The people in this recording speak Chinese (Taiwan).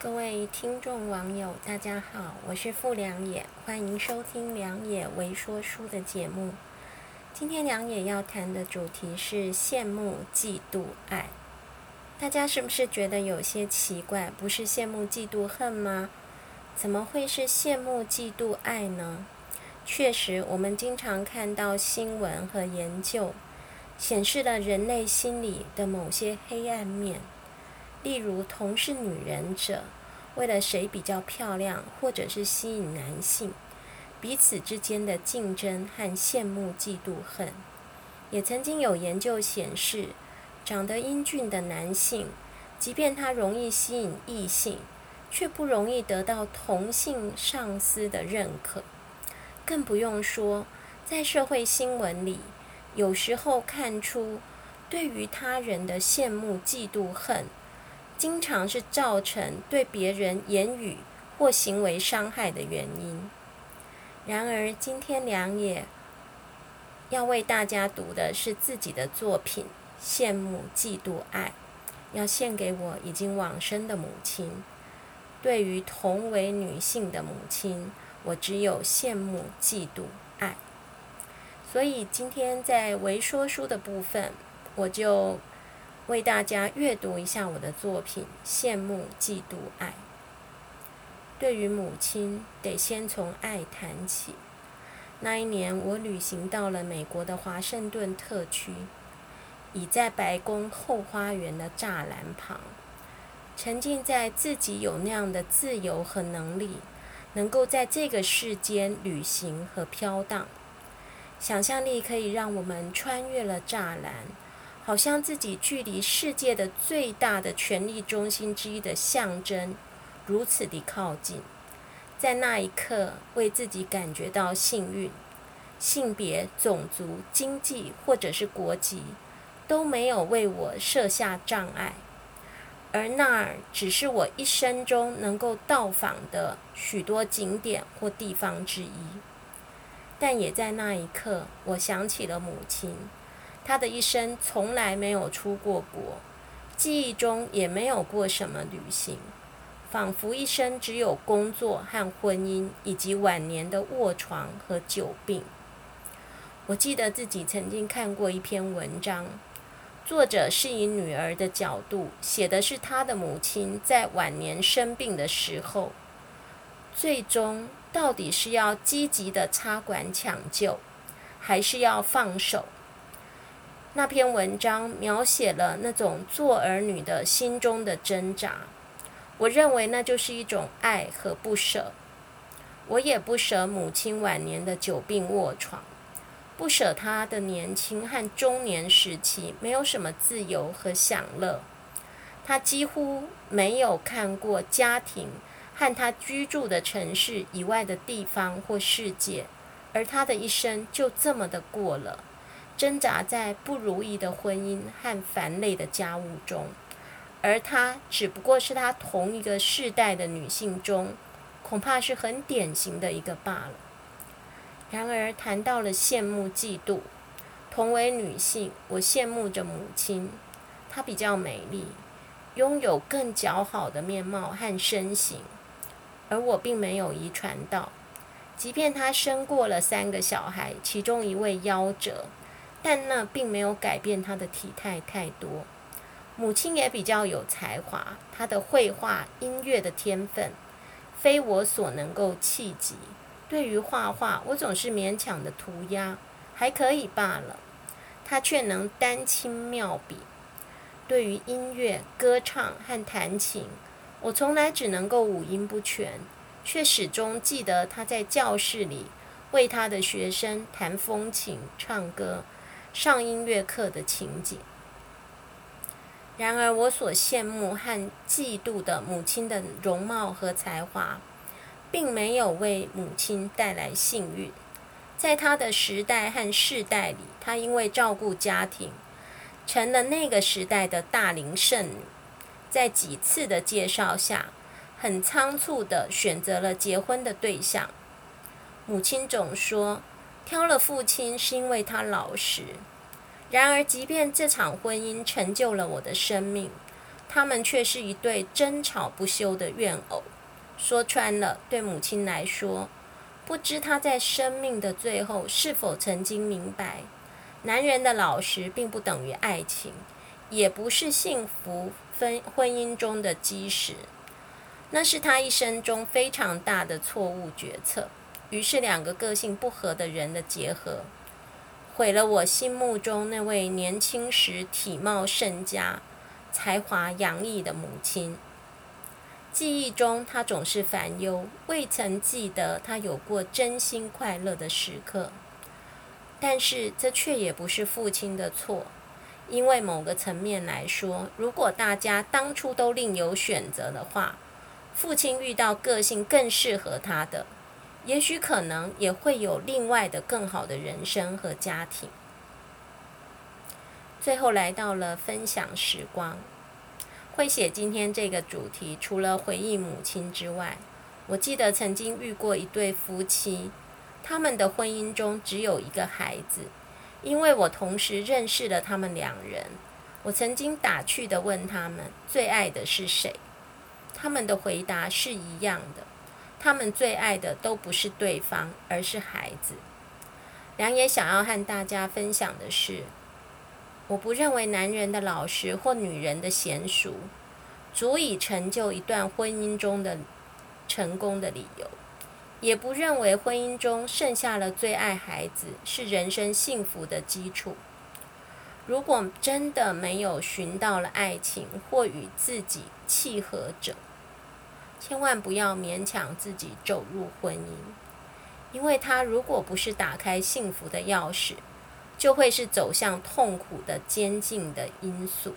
各位聽眾網友，大家好，我是傅良也，歡迎收聽良也微說書的節目。今天良也要談的主題是羨慕、嫉妒、愛。大家是不是覺得有些奇怪？不是羨慕、嫉妒、恨嗎？怎麼會是羨慕、嫉妒、愛呢？確實，我們經常看到新聞和研究顯示了人類心理的某些黑暗面。例如，同是女人者，為了誰比較漂亮，或者是吸引男性，彼此之間的競爭和羨慕、嫉妒、恨。也曾經有研究顯示，長得英俊的男性，即便他容易吸引異性，卻不容易得到同性上司的認可。更不用說，在社會新聞裡，有時候看出對於他人的羨慕、嫉妒、恨。經常是造成對別人言語或行為傷害的原因。然而，今天良也要為大家讀的是自己的作品《羨慕、嫉妒、愛》，要獻給我已經往生的母親。對於同為女性的母親，我只有羨慕、嫉妒、愛。所以，今天在微說書的部分，我就，為大家閱讀一下我的作品，《羨慕、嫉妒、愛》。對於母親，得先從愛談起。那一年，我旅行到了美國的華盛頓特區，倚在白宮後花園的柵欄旁，沉浸在自己有那樣的自由和能力，能夠在這個世間旅行和飄蕩。想象力可以讓我們穿越了柵欄。好像自己距離世界的最大的權力中心之一的象徵如此的靠近，在那一刻，為自己感覺到幸運。性別、種族、經濟或者是國籍都沒有為我設下障礙，而那兒只是我一生中能夠到訪的許多景點或地方之一。但也在那一刻，我想起了母親。她的一生從來沒有出過國，記憶中也沒有過什麼旅行，仿佛一生只有工作和婚姻，以及晚年的臥床和久病。我記得自己曾經看過一篇文章，作者是以女兒的角度寫的是她的母親在晚年生病的時候，最終到底是要積極地插管搶救，還是要放手？那篇文章描寫了那種做兒女的心中的掙扎。我認為那就是一種愛和不捨。我也不捨母親晚年的久病臥床，不捨她的年輕和中年時期沒有什麼自由和享樂。她幾乎沒有看過家庭和她居住的城市以外的地方或世界，而她的一生就這麼的過了。掙扎在不如意的婚姻和繁累的家務中，而她只不過是她同一個世代的女性中，恐怕是很典型的一個罷了。然而，談到了羨慕嫉妒，同為女性，我羨慕着母親，她比較美麗，擁有更姣好的面貌和身形，而我並沒有遺傳到。即便她生過了三個小孩，其中一位夭折。但那並沒有改變她的體態太多。母親也比較有才華，她的繪畫、音樂的天分，非我所能夠企及。對於畫畫，我總是勉強的塗鴉，還可以罷了。她卻能丹青妙筆。對於音樂、歌唱和彈琴，我從來只能夠五音不全，卻始終記得她在教室裡為她的學生彈風琴、唱歌，上音樂課的情景。然而，我所羨慕和嫉妒的母親的容貌和才華，並沒有為母親帶來幸運。在她的時代和世代裡，她因為照顧家庭，成了那個時代的大齡剩女。在幾次的介紹下，很倉促地選擇了結婚的對象。母親總說，挑了父親是因為他老實，然而，即便這場婚姻成就了我的生命，他們卻是一對爭吵不休的怨偶。說穿了，對母親來說，不知她在生命的最後是否曾經明白，男人的老實並不等於愛情，也不是幸福婚婚姻中的基石。那是她一生中非常大的錯誤決策。於是，兩個個性不合的人的結合，毀了我心目中那位年輕時體貌甚佳、才華洋溢的母親。記憶中，她總是煩憂，未曾記得她有過真心快樂的時刻。但是，這卻也不是父親的錯，因為某個層面來說，如果大家當初都另有選擇的話，父親遇到個性更適合他的。也許可能也會有另外的更好的人生和家庭。最後來到了分享時光，會寫今天這個主題，除了回憶母親之外，我記得曾經遇過一對夫妻，他們的婚姻中只有一個孩子，因為我同時認識了他們兩人，我曾經打趣地問他們最愛的是誰，他們的回答是一樣的。他們最愛的都不是對方，而是孩子。良也想要和大家分享的是：我不認為男人的老實或女人的賢淑，足以成就一段婚姻中的成功的理由；也不認為婚姻中剩下了最愛孩子是人生幸福的基礎。如果真的沒有尋到了愛情，或與自己契合者，千萬不要勉強自己走入婚姻，因為它如果不是打開幸福的鑰匙，就會是走向痛苦的監禁的因素。